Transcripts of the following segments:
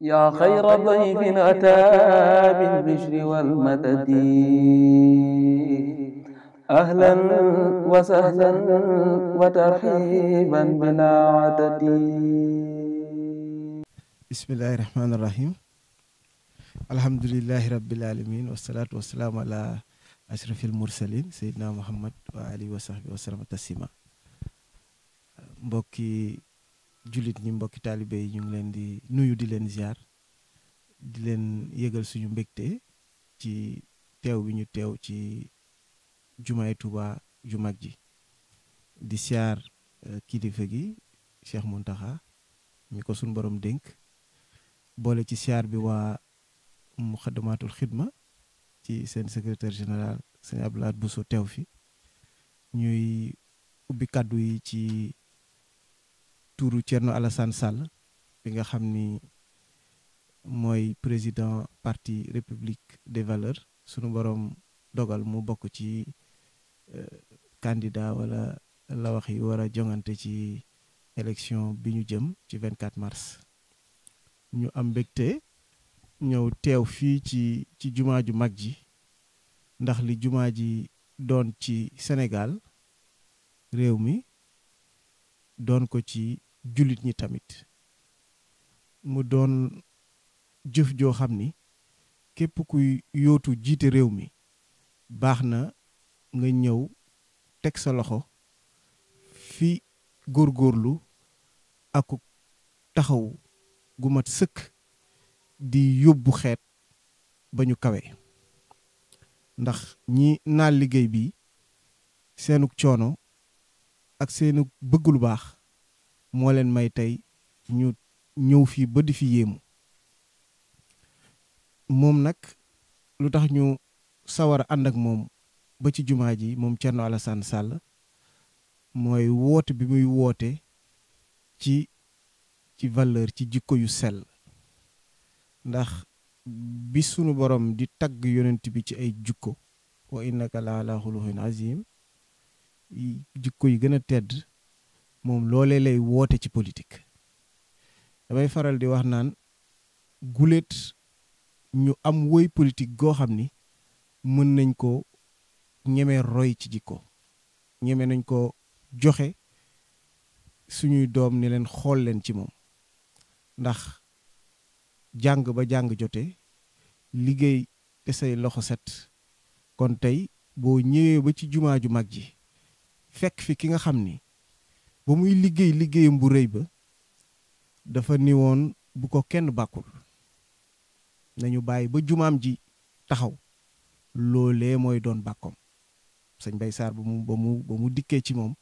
yaa xayra dayfin ataa bil bishri wal madadi ahlan wa sahlan wa tarhiiban bilaa adadi bismillahi rahmaani rahim alhamdulillahi rabbil aalamiin wassalaatu wassalaamu alaa ashrafil mursaliin seydina muhammad wa alihi wa sahbihi wa sallam taslima mbokki jullit ñi mbokki taalibe yi ñu ngi leen di nuyu di leen ziar di leen yëgal suñu mbégte ci teew bi ñu teew ci jumaay Tuuba ju mag ji di ziar euh, kilifa gi Cheikh Mountakha mi ko suñu boroom dénk boole ci ziar bi waa Muxaddamatul Xidma ci seen secrétaire général sëñ Abdoulaye Bousso teew fi ñuy ubbi kàddu yi ci turu Thierno Alassane Sall bi nga xam ni mooy président parti République de valeurs sunu borom dogal mu bokk ci euh, candidat wala lawax yi war a jongante ci élection bi ñu jëm ci 24 mars ñu am mbégte ñëw teew fii ci ci jumaa ju mag ji ndax li jumaa ji doon ci Sénégal réew mi doon ko ci jullit ñi tamit mu doon jëf joo xam ni képp kuy yootu jiite réew mi baax na nga ñëw teg sa loxo fi góorgóorlu ak taxaw gu mat sëkk di yóbbu xeet ba ñu kawe ndax ñi naa liggéey bi seenug coono ak seenug bëgg lu baax moo leen may tey ñu ñëw fii ba di fi yéemu moom nag lu tax ñu sawar a ànd ak moom ba ci jumaa ji moom Thierno Alassane Sall mooy woote bi muy woote ci ci valeur ci jikko yu sell ndax bi sunu boroom di tagg yonent bi ci ay jikko wa innaka la ala xuluxin azim jikko yi gën a tedd moom loolee lay woote ci politique damay faral di wax naan guléet ñu am woy politique goo xam ni mën nañ koo ñeme roy ci jikko ñeme nañ koo joxe suñuy doom ni leen xool leen ci moom ndax jàng ba jàng jote liggéey te say loxo set kon tey boo ñëwee ba ci jumaa ju mag ji fekk fi ki nga xam ni ba muy liggéey liggéeyam bu réy ba dafa ni woon bu ko kenn bàkkul nañu bàyyi ba jumaam ji taxaw loolee mooy doon bàkkoom sëñ Bay Saar ba mu ba mu dikkee ci moom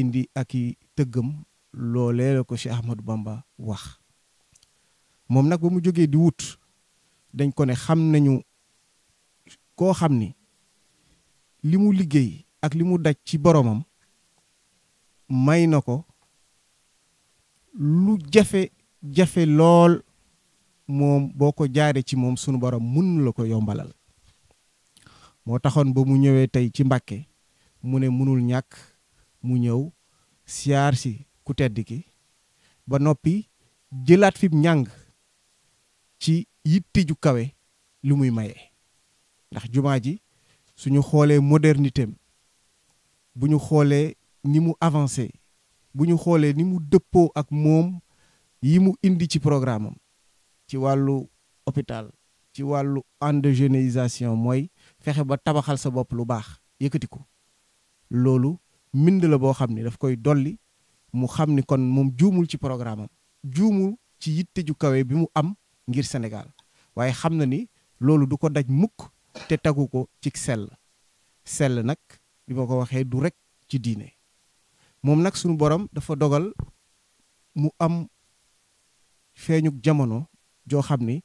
indi ak i tëggam loolee la ko Cheikh Ahmadou Bamba wax moom nag ba mu jógee di wut dañ ko ne xam nañu koo xam ni li mu liggéey ak li mu daj ci boromam may na ko lu jafe-jafe lool moom boo ko jaare ci moom sunu borom mun la ko yombalal moo taxoon ba mu ñëwee tey ci mbakke mu ne munul ñàkk mu ñëw siyaar si ku tedd ki ba noppi jëlaat fi njàng ci yitti ju kawe li muy maye ndax jumaa ji ñu xoolee modernité bu ñu xoolee ni mu avancé bu ñu xoolee ni mu dëppoo ak moom yi mu indi ci programme ci wàllu hôpital ci wàllu endogénéisation mooy fexe ba tabaxal sa bopp lu baax yëkkati ko loolu mbind la boo xam ni daf koy dolli mu xam ni kon moom juumul ci programme am juumul ci yitte ju kawe bi mu am ngir Sénégal waaye xam na ni loolu du ko daj mukk te tagu ko ci sell sell nag li ma ko waxee du rek ci diine moom nag sunu borom dafa dogal mu am feeñuk jamono joo xam ni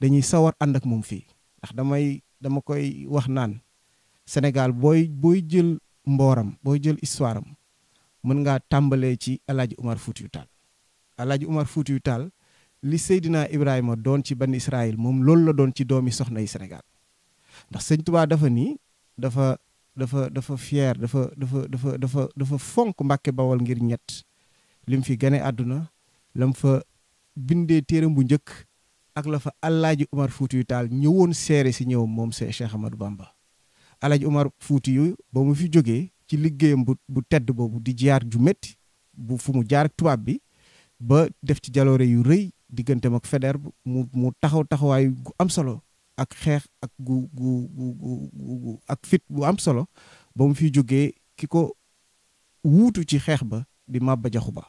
dañuy sawar ànd ak moom fii ndax damay dama koy wax naan Sénégal booy booy jël mbooram booy jël histoire mën ngaa tàmbalee ci El Hadj Umar Foutiou Tall El Hadj Umar Foutiou Tall li Seydina Ibrahima doon ci ban Israël moom loolu la doon ci doomi soxna yi Sénégal ndax sëñ Tuubaa dafa nii dafa dafa dafa fier dafa dafa dafa dafa dafa fonk Mbàkke Bawol ngir ñett lim fi gane àdduna lam fa bindee téeram bu njëkk ak la fa Alaaji Umar Fuutiyu Taal ñëwoon seere si ñëw moom see Cheikh Ahmadou Bamba Alaaji Umar Fuutiyu ba mu fi jógee ci liggéeyam bu tedd boobu di jaar ju métti bu fu mu jaar tubaab bi ba def ci jaloore yu rëy diggante ak Faidherbe mu taxaw taxawaay gu am solo ak xeex ak gu gu gu gu ak fit bu am solo ba mu fi jógee ki ko wuutu ci xeex ba di Maba Diakhou Ba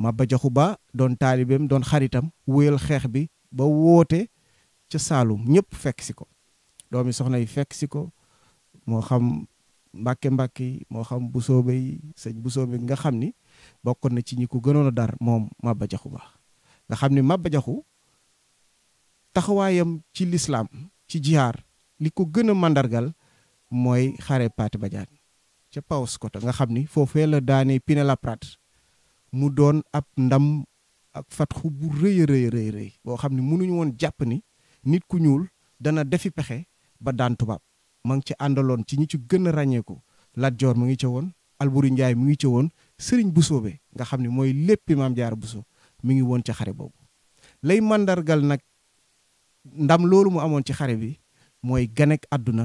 Maba Diakhou Ba doon taalibeem doon xaritam wéyal xeex bi ba woote ca Saalum ñépp fekk si ko doomi soxna yi fekk si ko moo xam mbàkke mbàkke yi moo xam bu soobe yi sëñ bu soobe nga xam ni bokkoon na ci ñi ko gënoon a dar moom Maba Diakhou Ba nga xam ni Maba Diakhou taxawaayam ci lislaam ci jihaar li ko gën a màndargal mooy xare Pathé Badiate ca Paoskoto nga xam ni foofee la daane Pinet-Laprade mu doon ab ndam ak fatxu bu rëy rëy rëy boo xam ne munuñu woon jàpp ni nit ku ñuul dana defi pexe ba daan tubaab ma ngi ci àndaloon ci ñi ci gën a ràññeeku Lat Joor mu ngi ca woon Alburi Njaay mu ngi ca woon Sëriñ bu soobee nga xam ni mooy léppi Maam jaar bu Buso mi ngi woon ca xare boobu lay màndargal nag ndam loolu mu amoon ci xare bi mooy ganek àdduna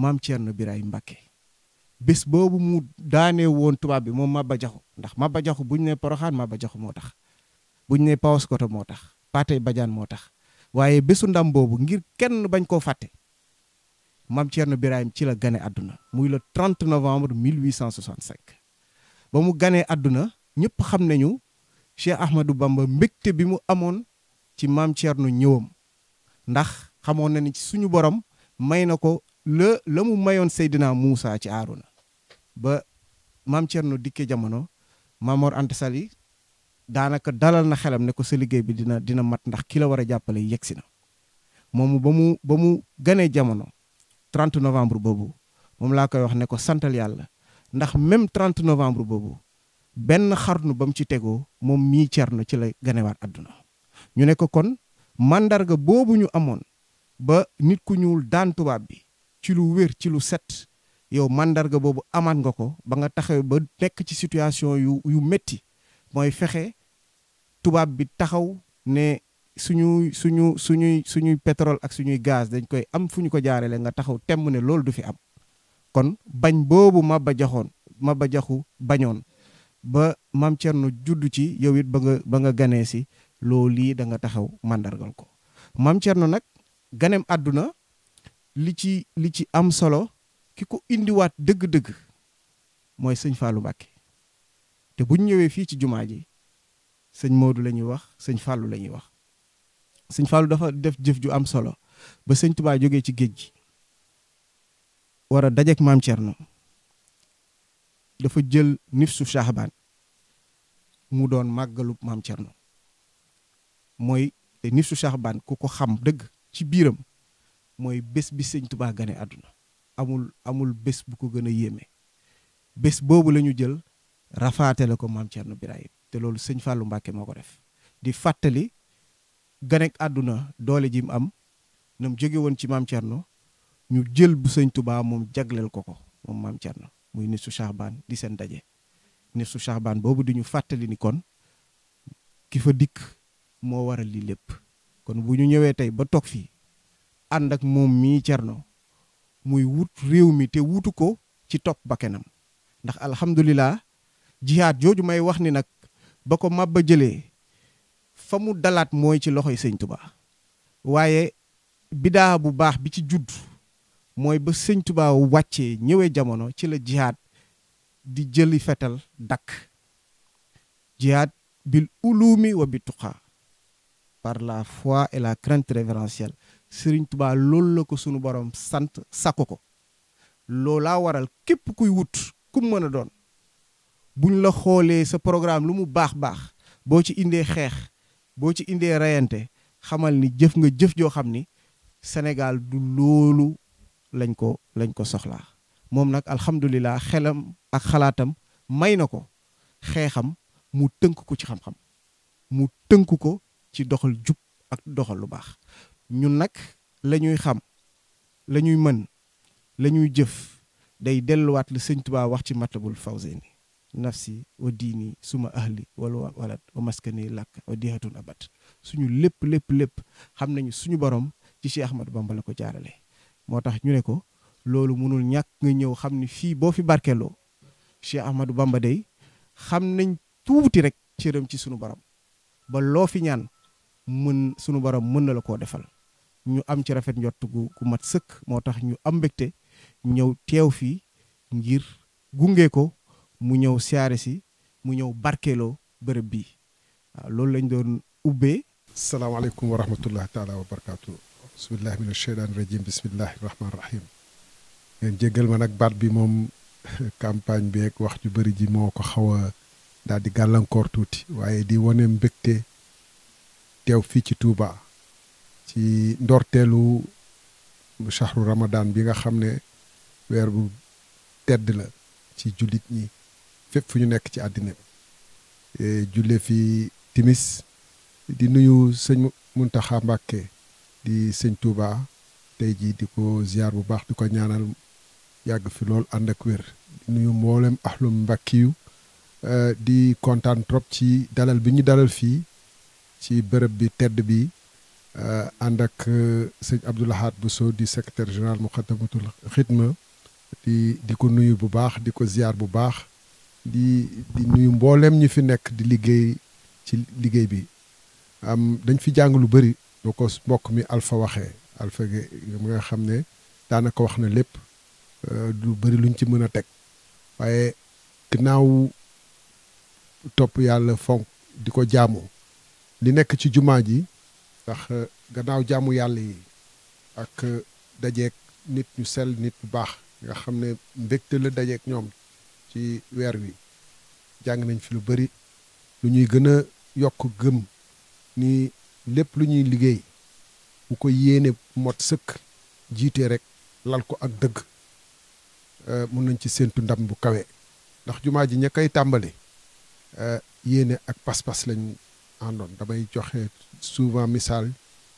maam Thierno Biraye Mbacke bés boobu mu daanee woon tubaab bi moom Maba Jaxu ndax Maba Jaxu buñ ne Poroxaan ba Jaxu moo tax buñ ne Paoskoto moo tax Patey Badiane moo tax waaye bésu ndam boobu ngir kenn bañ koo fàtte maam Thierno Birahim ci la gane àdduna muy le 30 novembre 1865 ba mu ganee àdduna ñëpp xam nañu Cheikh Ahmadou Bamba mbégte bi mu amoon ci maam Thierno ñëwam ndax xamoon na ni ci suñu borom may na ko la la mu mayoon Seydina Moussa ci Aaruna ba maam Thierno dikkee jamono Mamor Anta Sali daanaka dalal na xelam ne ko sa liggéey bi dina dina mat ndax ki la war a jàppale yegsi na moom ba mu ba mu ganee jamono 30 novembre boobu moom laa koy wax ne ko santal yàlla ndax même 30 novembre boobu benn xarnu ba mu ci tegoo moom mii Thierno ci la ganewaat àdduna ñu ne ko kon màndarga boobu ñu amoon ba nit ku ñuul daan tubaab bi ci lu wér ci lu set yow màndarga boobu amaat nga ko ba nga taxaw ba nekk ci situation yu yu métti mooy fexe tubaab bi taxaw ne suñuy suñu suñuy suñuy pétrole ak suñuy gaz dañ koy am fu ñu ko jaarale nga taxaw temm ne loolu du fi am kon bañ boobu Maba Jaxoon Maba Jaxu bañoon ba maam Cerno judd ci yow it ba nga ba ganee si loo lii danga taxaw màndargal ko maam Thierno nag ganem àdduna li ci li ci am solo ki ko indiwaat dëgg-dëgg mooy sëñ Fallou Mbacké te bu ñu ñëwee fii ci jumaa ji sëñ moodu lañuy wax sëñ Fallou la wax sëñ Fallou dafa def jëf ju am solo ba sëñ Touba jógee ci géej gi wara a dajeek maam Thierno dafa jël nif su mu doon màggalub maam Thierno mooy te nit su Cheikh ku ko xam dëgg ci biiram mooy bés bi sëñ Tuubaa gane àdduna amul amul bés bu ko gën a yéeme bés boobu la ñu jël rafaate la ko maam Thierno Birahim te loolu sëñ Fallou Mbacke moo ko def di fàttali ganek àdduna doole ji mu am na mu jóge woon ci maam Thierno ñu jël bu sëñ tubaa moom jagleel ko ko moom maam Thierno muy nit su Cheikh di seen daje nit su Cheikh Bane boobu di ñu fàttali ni kon ki fa dikk moo waral lii lépp kon bu ñu ñëwee tey ba toog fii ànd ak moom mii Thierno muy wut réew mi te wutu ko ci topp bakkenam ndax alhamdulilah jihaat jooju may wax ni nag ba ko mabba jëlee famu dalaat mooy ci loxoy sëñ Tuubaa waaye biddaa bu baax bi ci judd mooy ba sëñ Tuubaa wàccee ñëwee jamono ci la jihaat di jëli fetal dakk jihaat bil ulumi wa bi par la fois et la crainte révérentielle Serigne Touba loolu la ko sunu borom sant sakku ko loolaa waral képp kuy wut kum mën a doon buñ la xoolee sa programme lu mu baax baax boo ci indee xeex boo ci indee reyante xamal ni jëf nga jëf joo xam ni Sénégal du loolu lañ ko lañ ko soxlaa moom nag alhamdulilah xelam ak xalaatam may na ko xeexam mu tënk ko ci xam-xam mu tënk ko. ci doxal jub ak doxal lu baax ñun nag la ñuy xam la ñuy mën la ñuy jëf day delluwaat li sëñtuwaa wax ci faw fawzeyni nafsi wa diini suma ahli wala walat wa maskani làkk wa dihatun bat suñu lépp lépp lépp xam nañu suñu borom ci Cheikh Ahmadou Bamba la ko jaarale moo tax ñu ne ko loolu mënul ñàkk nga ñëw xam ni fii boo fi barkeeloo Cheikh Ahmadou Bamba day xam nañ tuuti rek cëram ci suñu borom ba loo fi ñaan mën sunu baram mën na la koo defal ñu am ci rafet njott gu ku mat sëkk moo tax ñu am mbégte ñëw teew fii ngir gunge ko mu ñëw siyaare si mu ñëw barkeeloo bërëb bi waaw loolu lañ doon ubbee salaamaaleykum wa rahmatullah taala wa barakaatu bismillahi min asheytaani rajim bismillahi rahmaani ma nag baat bi moom campagne bi ak wax ju bari ji moo ko xaw a daal di gàllankoor tuuti waaye di wane mbégte teew fii ci Touba ci ndorteelu chahru ramadan bi nga xam ne weer bu tedd la ci jullit ñi fépp fu ñu nekk ci àddina bi e, julle fi timis di nuyu sëñ Muntaxa Mbàkke di sëñ Touba tey jii di ko ziar bu baax di ko ñaanal yàgg fi lool ànd ak wér di nuyu mboolem ahlum yu e, di kontaan trop ci dalal bi ñu dalal fii ci bërëb bi tedd bi euh, ànd ak euh, sëñ Abdoul Ahad Bousso di secrétaire général Moukhaddamatoul Khidma di di ko nuyu bu baax di ko ziar bu baax di di nuyu mbooleem ñu fi nekk di liggéey ci liggéey bi am dañ fi jàng lu bari doo ko mbokk mi Alpha waxee Alpha mu nga xam ne daanaka wax na lépp euh, lu bëri luñ ci mën a teg waaye ginnaaw topp yàlla fonk di ko jaamu li nekk ci jumaa ji ndax euh, gannaaw jaamu yàlla yi ak euh, dajeek nit ñu sell nit bu baax nga xam ne mbégte la dajeek ñoom ci weer wi jàng nañ fi lu bari lu ñuy gën a yokk gëm nii lépp lu ñuy liggéey bu ko yéene mot sëkk jiite rek lal ko ak dëgg euh, mun nañ ci séentu ndam bu kawe ndax jumaa ji ña koy tàmbali yéene ak pas-pas lañ àndoon damay joxe souvent misaal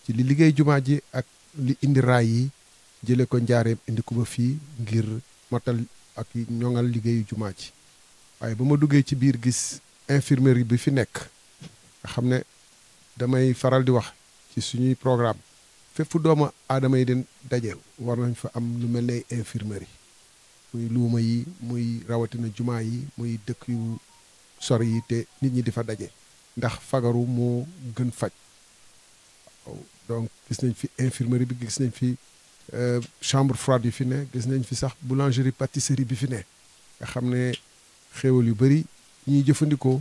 ci li liggéey jumaa ji ak li indi raay yi jële ko njaareem indi ko fii ngir matal ak ñoŋal liggéeyu jumaa ji waaye ba ma duggee ci biir gis infirmerie bi fi nekk nga xam ne damay faral di wax ci suñuy programme fépp fu doomu aadama yi den daje war nañ fa am lu mel ne infirmerie muy luuma yi muy rawatina jumaa yi muy dëkk yu sor yi te nit ñi di fa daje ndax fagaru moo gën faj donc gis nañ fi infirmerie bi gis nañ fi euh, chambre froide yi fi ne gis nañ fi sax boulangerie pâtisserie bi fi ne nga xam ne xéewal yu bëri ñuy jëfandikoo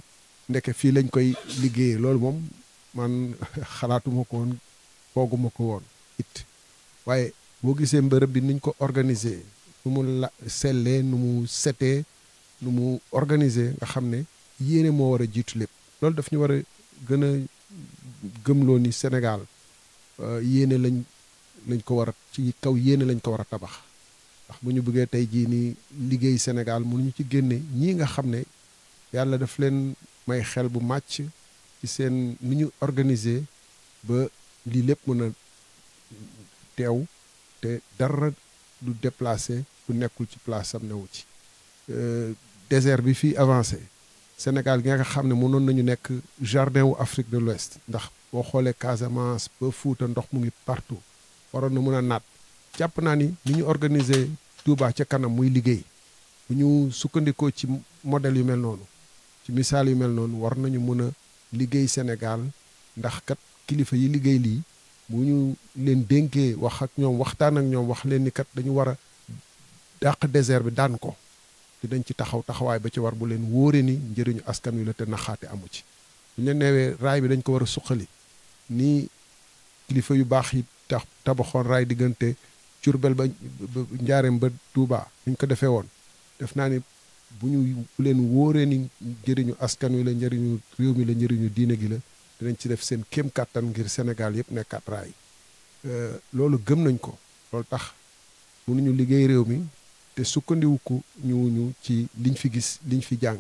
ndeke fii lañ koy liggéeyee loolu moom man xalaatuma ko woon ko woon it waaye boo gisee mbërëb bi niñ ko organiser nu mu la sellee nu mu setee nu mu organiser nga xam ne yéene moo war a jiitu lépp loolu daf ñu war a gën a gëmloo ni Sénégal euh, yéene lañ lañ ko war a ci kaw yéene lañ ko war a tabax ndax bu ñu bëggee tey jii nii liggéey Sénégal ñu ci génne ñii nga xam ne yàlla daf leen may xel bu màcc ci seen ni ñu organiser ba lii lépp mën a teew te dara du déplacé du nekkul ci place am newu ci euh, désert bi fii avancé Sénégal gi nga xam ne mënoon nañu nekk jardin wu Afrique de l'Ouest ndax boo xoolee Casamance ba Fuuta ndox mu ngi partout waroon na mën a naat càpp naa ni ni ñu organiser tuubaa ca kanam muy liggéey bu ñu sukkandikoo ci modèle yu mel noonu ci misaal yu mel noonu war nañu mën a liggéey Sénégal ndax kat kilifa yi liggéey lii bu ñu leen dénkee wax ak ñoom waxtaan ak ñoom wax leen ni kat dañu war a dàq désert bi daan ko dinañ ci taxaw taxawaay ba ci war bu leen wóore ni njëriñu askan wi la te naxaati amu ci bu ñu leen neewee raay bi dañ ko war a suqali nii kilifa yu baax yi tax tabaxoon raay diggante curbel ba njaareem ba tuubaa ñu ko defee woon def naa ni bu ñu bu leen wóoree ni njëriñu askan wi la njëriñu réew mi la njëriñu diine gi la dinañ ci def seen kéem kàttan ngir senegal yëpp nekkaat raay euh, loolu gëm nañ ko loolu tax mënuñu liggéey réew mi te sukkandiwu ko ñëwuñu ci liñ fi gis liñ fi jàng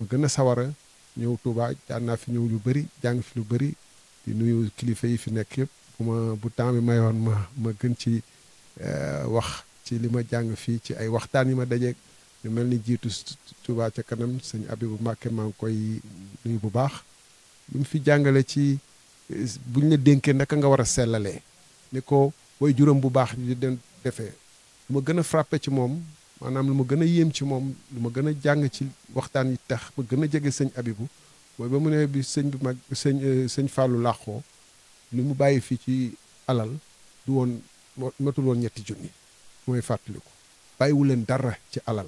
ma gën a sawara ñëw Touba ñëw lu bëri jàng fi lu bari di nuyu kilifa yi fi nekk yëpp bu ma bu temps bi mayoon ma ma gën ci eh, wax ci li ma jàng fii ci ay waxtaan yi ma dajeeg ñu mel ni jiitu Touba ca kanam sëñ Abibu Mbàkke maa ngi koy nuyu bu baax lu fi jàngale ci eh, buñ la dénkee naka nga war a sellale ni ko way juróom bu baax di den defee lu ma gën a frappé ci moom maanaam lu ma gën a yéem ci moom lu ma gën a jàng ci waxtaan yi tax ma gën a jege sëñ Abibu mooy ba mu ne bi sëñ bi mag sëñ euh, sëñ Fallou làqoo li mu bàyyi fii ci alal du woon matul woon ñetti junni mooy ko bàyyiwu leen dara ci alal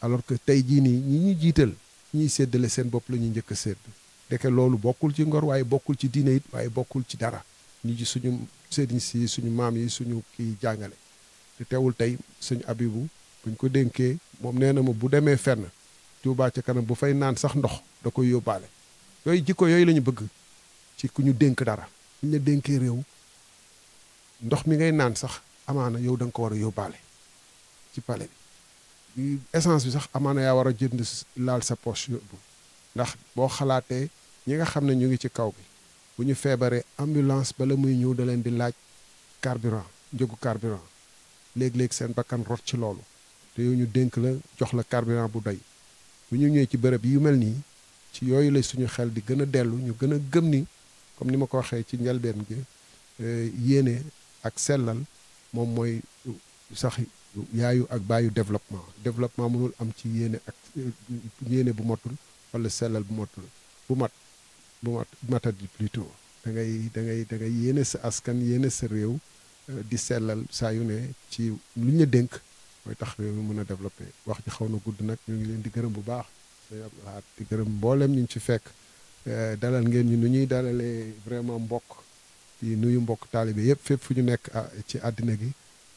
alors que tey jii nii ñu jiital ñiy séddale seen bopp lañuy njëkk a sédd ndeke loolu bokkul ci ngor waaye bokkul ci diine it waaye bokkul ci dara ñu ji suñu sëriñ si suñu maam yi suñu kii jàngale te teewul tey sëñ abibu buñ ko dénkee moom nee na ma bu demee fenn Tuubaa ca kanam bu fay naan sax ndox da koy yóbbaale yooyu jikko yooyu lañu bëgg ci ku ñu dénk dara buñ la dénkee réew ndox mi ngay naan sax amaana yow danga ko war a yóbbaale ci pale bi essence bi sax amaana yaa war a jënd laal sa poche yóbbu ndax boo xalaatee ñi nga xam ne ñu ngi ci kaw bi bu ñu feebaree ambulance bala muy ñëw da leen di laaj carburant njëgu carburant léegi léeg seen bakkan rot ci loolu te yow ñu dénk la jox la carburant bu doy bu ñu ñëwee ci bërëb yu mel nii ci yooyu la suñu xel di gën a dellu ñu gën a gëm ni comme ni ma ko waxee ci njalbeen gi euh, yéene ak sellal moom mooy euh, sax yaayu ak baayu développement développement mënul am ci yéene ak euh, yéene bu motul wala sellal bu motul bu mat bu mat matat plutôt da ngay da ngay da ngay yéene sa askan yéene sa réew Euh, di sellal saa yu ne ci lu ñu dénk mooy tax réew mi mën a développé wax ji xaw na gudd nag ñu ngi leen di gërëm bu baax di gërëm mboolem ñu ci fekk euh, dalal ngeen ñu nu ñuy dalalee vraiment mbokk di nuyu mbokk taalibe yëpp fépp fu ñu nekk a ah, ci àddina gi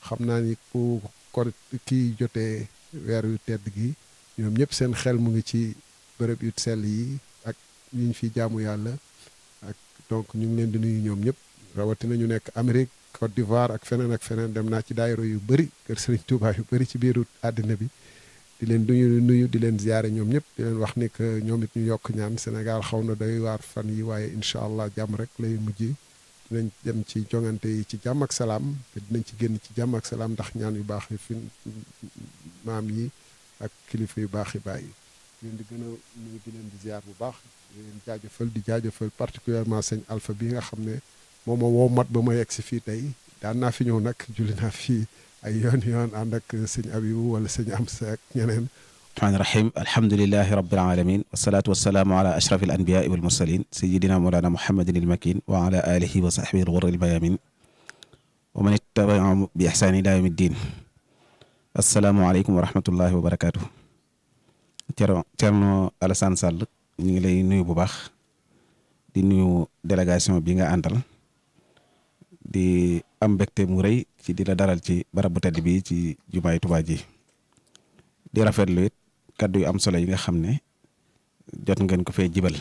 xam naa ni ku kor kii jotee weer yu tedd gi ñoom ñëpp seen xel mu ngi ci bërëb yu sell yi ak ñu fi jaamu yàlla ak donc ñu ngi leen di nuyu ñoom ñëpp rawatina ñu nekk Amérique Côte d'Ivoire ak feneen ak feneen dem naa ci daayira yu bëri kër Serigne Touba yu bëri ci biiru àddina bi di leen nuyu nuyu di leen ziare ñoom ñëpp di leen wax ni ñoom it ñu yokk ñaan Sénégal xaw na doy waar fan yi waaye incha allah jàmm rek lay mujj dinañ dem ci jongante yi ci jàmm ak salaam te dinañ ci génn ci jàmm ak salaam ndax ñaan yu baax yi fi maam yi ak kilifa yu baax yi bàyyi leen di gën a nuyu di leen di ziar bu baax leen jaajëfal di jaajëfal particulièrement sëñ Alpha bi nga xam ne moo ma woo ba ma yegg si fii tey daan naa fi ñëw nag julli fi ay yoon yoon ànd ak sëñ Abibu wala sëñ Amsa ak ñeneen rahmaani rahim alhamdulilahi rabbil alamin wasalaatu wasalaamu ala ashrafi al anbiyaai wal mursalin sayidina wa ala alihi wa sahbihi al ghurri al mayamin wa man bi ihsani ila yawmi ddin asalaamu aleykum wa ñu ngi lay nuyu bu baax di nuyu délégation bi nga àndal di am mbégte mu rëy ci di la daral ci barab bu tedd bi ci jumaay Tuubaa ji di rafetlu it kàddu yu am solo yi nga xam ne jot ngeen ko fee jibal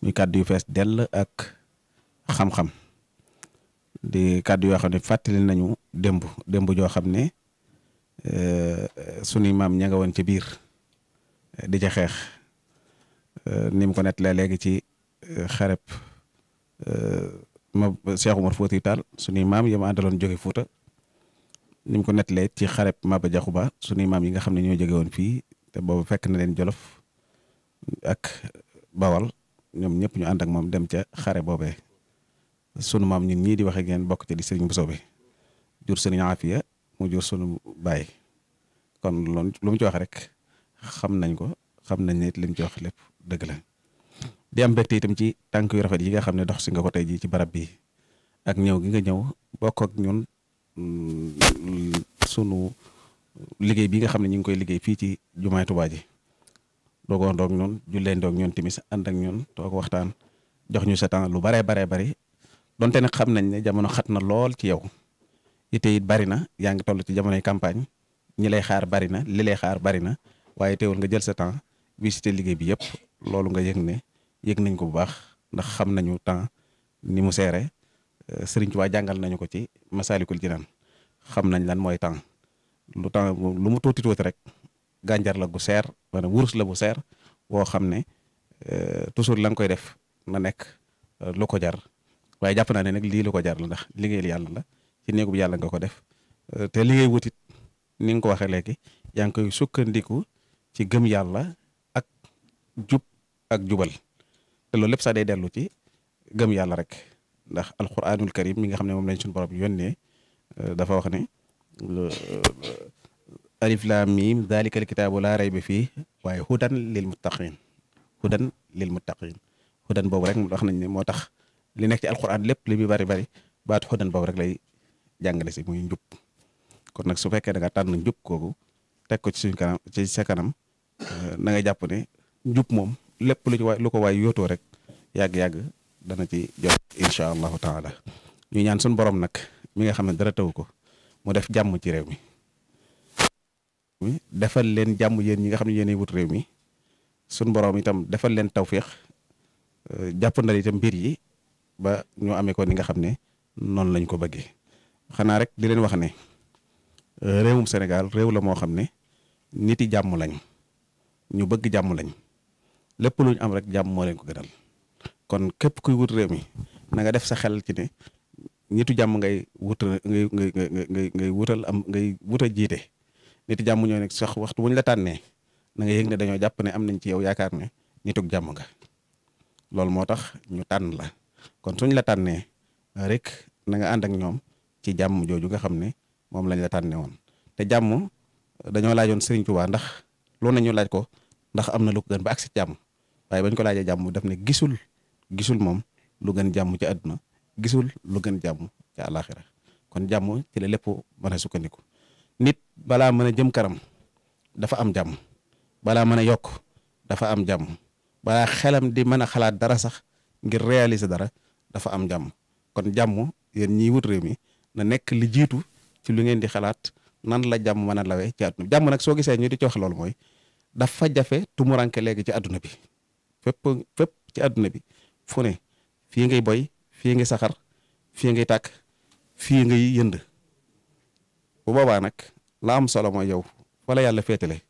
muy kàddu yu fees dell ak xam-xam di kàddu yoo xam ne fàttali nañu démb démb joo xam ne eh, sunuy maam ña nga woon ci biir eh, di ca xeex eh, ni mu ko nettalee léegi ci xareb ma Cheikh Umar Fouti Tall suñuy maam yi ma àndaloon jóge Fouta ni mu ko nettalee ci xareb Maba Jaxu Ba suñuy maam yi nga xam ne ñoo jóge woon fii te boobu fekk na leen Jolof ak Bawal ñoom ñëpp ñu ànd ak moom dem ca xare boobe sunu maam ñun ñii di wax ak bokk ci di sëriñ Bousso bi jur sëriñ Afia mu jur sunu baay kon loolu lu mu ci wax rek xam nañ ko xam nañ ne it li mu ci wax lépp dëgg la. di am mbégte itam ci tànk yu rafet yi nga xam ne dox si nga ko tey jii ci barab bi ak ñëw gi nga ñëw bokk ak ñun mm, sunu liggéey bi nga xam ne ñu ngi koy liggéey fii ci jumaay Tuubaa ji doogoon doog ñun jullee doog ñun timis ànd ak ñun toog waxtaan jox ñu sa temps lu baree baree bari donte nag xam nañ ne jamono xat na lool ci yow ite it bari na yaa ngi toll ci jamonoy campagne ñi lay xaar bari na li lay xaar bari na waaye teewul nga jël sa temps visiter liggéey bi yëpp loolu nga yëg ne yëg nañ ko bu baax ndax xam nañu temps ni mu seere euh, Sëriñ waa jàngal nañu ko ci ci naan xam nañ lan mooy temps lu temps lu mu tuuti tuuti rek gànjar la gu seer wala wurus la bu seer woo xam ne euh, toujours la nga koy def na nekk euh, lu ko jar waaye jàpp naa ne nag lii lu ko jar la ndax liggéeyal yàlla la ci néegub yàlla nga ko def te liggéey wutit ni nga ko waxee léegi yaa ngi sukkandiku ci gëm yàlla ak jub ak jubal te loolu lépp sax day dellu ci gëm yàlla rek ndax alquranul karim mi nga xam ne moom lañ suñu borom yónnee euh, dafa wax ne euh, alif laam miim daalikal kitaabu laa rayba fii waaye hudan lil muttaqin hudan lil muttaqin hudan boobu rek wax nañ ne moo tax li nekk ci alquran lépp li muy bari bari baatu hudan boobu rek lay jàngale si muy njub kon nag su fekkee da nga na njub kooku teg ko ci suñ kanam ci sa kanam euh, na nga jàpp ne njub moom lépp lu ci waay lu ko waay yootoo rek yàgg-yàgg dana ci jot incha allahu taala ñu ñaan suñ borom nag mi nga xam ne dara taw ko mu def jàmm ci réew mi defal leen jàmm yéen ñi nga xam ne yéenay wut réew mi suñu borom itam defal leen tawféex euh, jàppandal itam mbir yi ba ñu amee ko ni nga xam ne noonu lañ ko bëggee xanaa rek di leen wax ne euh, réewum Sénégal réew la moo xam ne niti jàmm lañ ñu bëgg jàmm lañ. lépp lu am rek jàmm moo leen ko gënal kon képp kuy wut réew mi na nga def sa xel ci ne nitu jàmm ngay wut ngay ngay ngay wutal am ngay wut a jiite. nitu jàmm ñoo nekk sax waxtu bu la tànnee na nga yëg ne dañoo jàpp ne am nañ ci yow yaakaar ne nitug jàmm nga loolu moo tax ñu tànn la kon suñ la tànnee rek nanga nga ànd ak ñoom ci jàmm jooju nga xam ne moom lañ la tànnee woon te jàmm dañoo laajoon Serigne Touba ndax loolu ñu laaj ko ndax am na lu ko gën ba agsi jàmm. waaye bañ ko laajee jàmm daf ne gisul gisul moom lu gën jàmm ci àdduna gisul lu gën jàmm ci àllaaxira kon jàmm ci la lépp mën a sukkandiku nit balaa mën a jëm kanam dafa am jàmm balaa mën a yokk dafa am jàmm balaa xelam di mën a xalaat dara sax ngir réaliser dara dafa am jàmm kon jàmm yéen ñiy wut réew mi na nekk li jiitu ci lu ngeen di xalaat nan la jàmm mën a lawee ci àdduna bi jàmm nag soo gisee ñu di ci wax loolu mooy dafa jafe tumuranke léegi ci àdduna bi fépp ci àdduna bi fune ne fii ngay boy fii ngay saxar fii ngay tàkk fii ngay yënd bu boobaa nag la am solo mooy yow fa yàlla féetale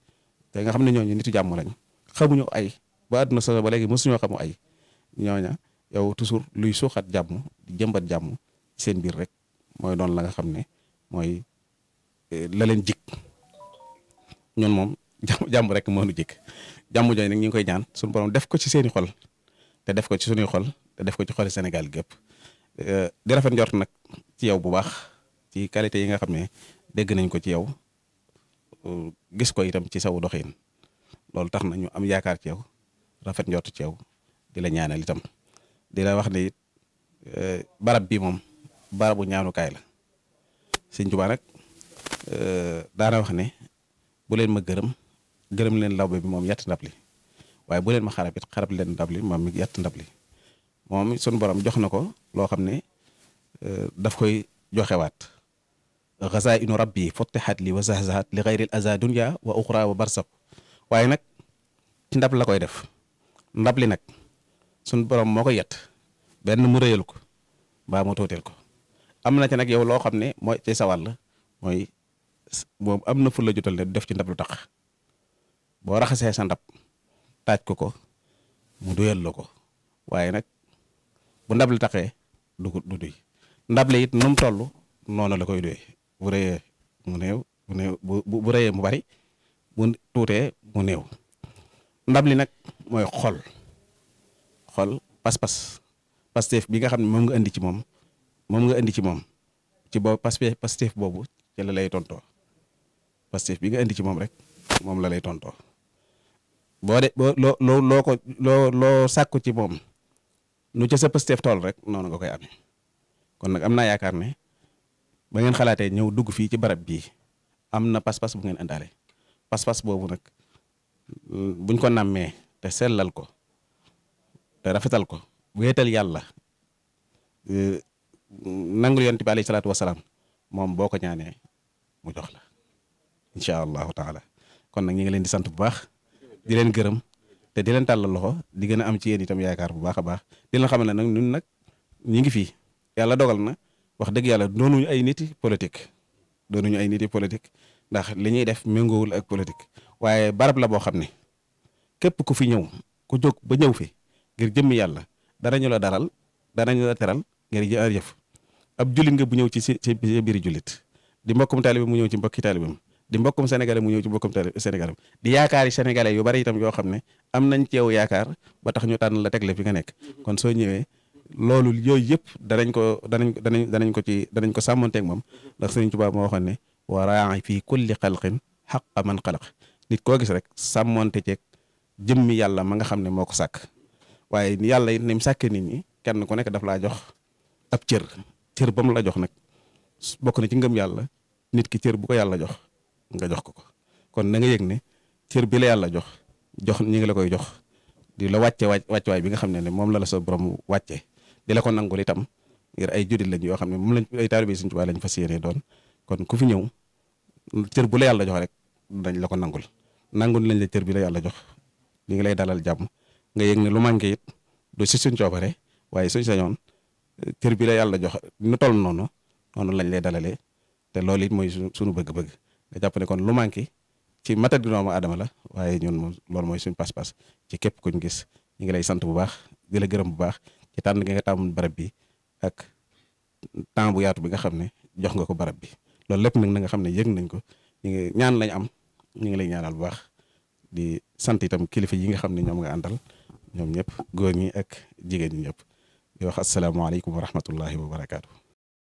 te nga xam ne ñooñu nitu jàmm lañ xamuñu ay ba àdduna solo ba léegi mësuñoo xamu ay ñooña yow toujours luy suuxat jàmm jëmbat jàmm seen biir rek mooy doon la nga xam ne mooy eh, la leen jik ñun moom jàmm rek moo nu jik jàmm jooju nag ñu ngi koy ñaan suñu borom def ko ci seeni xol te def ko ci suñuy xol te def ko ci xoli Sénégal gépp euh, di rafet njort nag ci yow bu baax ci qualité yi nga xam ne dégg nañ ko ci yow euh, gis ko itam ci saw doxin loolu tax na ñu am yaakaar ci yow rafet njort ci yow di la ñaanal itam di la wax ne euh, barab bi moom barabu ñaanukaay la sëñ Tuubaa nag daana wax ne bu leen ma gërëm gërëm leen lawbe bi moom yàtt ndab waaye bu leen ma xarab it xarab leen ndab li moom mi yàtt ndab li moom suñ borom jox na ko loo xam ne euh, daf koy joxewaat xaza inu rabbi fottixaat li wa zahzahat li xayril aza dunia wa uxra wa barsaq waaye nag ci ndab la koy def ndab li nag suñ borom moo ko yat benn mu réyal ko mbaa mu tuuteel ko am na ci nag yow loo xam ne mooy ci sa wàll mooy moom am na fu la jotal ne def ci ndab lu tax boo raxasee sa ndab taaj ko ko mu duyal la ko waaye nag bu ndab li taxee du du duy ndab li it nu mu toll noonu la koy duy bu rëyee mu néew bu néew mu bari bu tuutee mu néew ndab li nag mooy xol xol pas-pas pasteef bi nga xam ne moom nga indi ci moom moom nga indi ci moom ci boobu pasteef boobu ci la lay tontoo pasteef bi nga indi ci moom rek moom la lay tontoo boo de boo loo loo ko loo loo sàkku ci moom nu ca sa pësteef tool rek noonu nga koy amee kon nag am naa yaakaar ne ba ngeen xalaatee ñëw dugg fii ci barab bii am na pas-pas bu ngeen indaale pas-pas boobu nag buñ ko nàmmee te sellal ko te rafetal ko bu wéetal yàlla e, nangul yonent bi alayhi salaatu wasalaam moom boo ko ñaanee mu jox la incha allahu taala kon nag ñu ngi leen di sant bu baax. di leen gërëm te di leen tàllal loxo di gën am ci yéen itam yaakaar bu baax a baax di leen xamal ne nag ñun nag ñi ngi fii yàlla dogal na wax dëgg yàlla doonuñu ay nit politique doonuñu ay niti politique ndax li ñuy def méngoowul ak politique waaye barab la boo xam ne képp ku fi ñëw ku jóg ba ñëw fi ngir jëmmi yàlla danañu la dalal danañu la teral ngir jëf ab jullit nga bu ñëw ci ci biir jullit di mbokkum taalibe mu ñëw ci mbokki taalibeem di mbokkum sénégalais mu ñëw ci mbokkum sénégalais di yaakaari sénégalais yu bari itam yoo xam ne am nañ ci yow yaakaar ba tax ñu tànn la tegle fi nga nekk kon soo ñëwee loolu yooyu yëpp danañ ko danañ danañ danañ ko ci danañ ko sàmmanteeg moom ndax Sëriñ Tuubaa moo waxoon ne wa raa'i fii kulli xalqin xaqa man xalaq nit koo gis rek sàmmante ceeg jëmmi yàlla ma nga xam ne moo ko sàkk waaye yàlla it ni mu sàkkee nit ñi kenn ko nekk daf laa jox ab cër cër ba mu la jox nag bokk na ci ngëm yàlla nit ki cër bu ko yàlla jox nga jox ko ko kon na nga yëg ne cër bi la yàlla jox jox ñu ngi la koy jox di la wàcce wàcc wàccuwaay bi nga xam ne ne moom la la sa borom wàcce di la ko itam ngir ay juddit lañ yoo xam ne moom lañ ay taalibe Sëriñ Tuubaa lañ fas yéene doon kon ku fi ñëw cër bu la yàlla jox rek dañ la ko nangul nangul lañ la cër bi la yàlla jox ñi ngi lay dalal jàmm nga yëg ne lu manqué yit du si suñ coobare waaye suñ ñoon cër bi la yàlla jox nu toll noonu noonu lañ lay dalalee te loolu it mooy suñu bëgg-bëgg nga jàpp kon lu manqué ci matat gi doomu aadama la waaye ñun moom loolu mooy suñ pas-pas ci képp kuñ gis ñu ngi lay sant bu baax di gërëm bu baax ci tànn gi nga barab bi ak temps bu yaatu bi nga xam ne jox nga ko barab bi loolu lépp nag na nga xam ne yëg nañ ko ñu ngi ñaan lañ am ñu ngi lay ñaanal bu baax di sant itam kilifa yi nga xam ne ñoom nga àndal ñoom ñëpp góor ñi ak jigéen ñi ñëpp di wax asalaamaaleykum wa rahmatullahi wa barakaatu.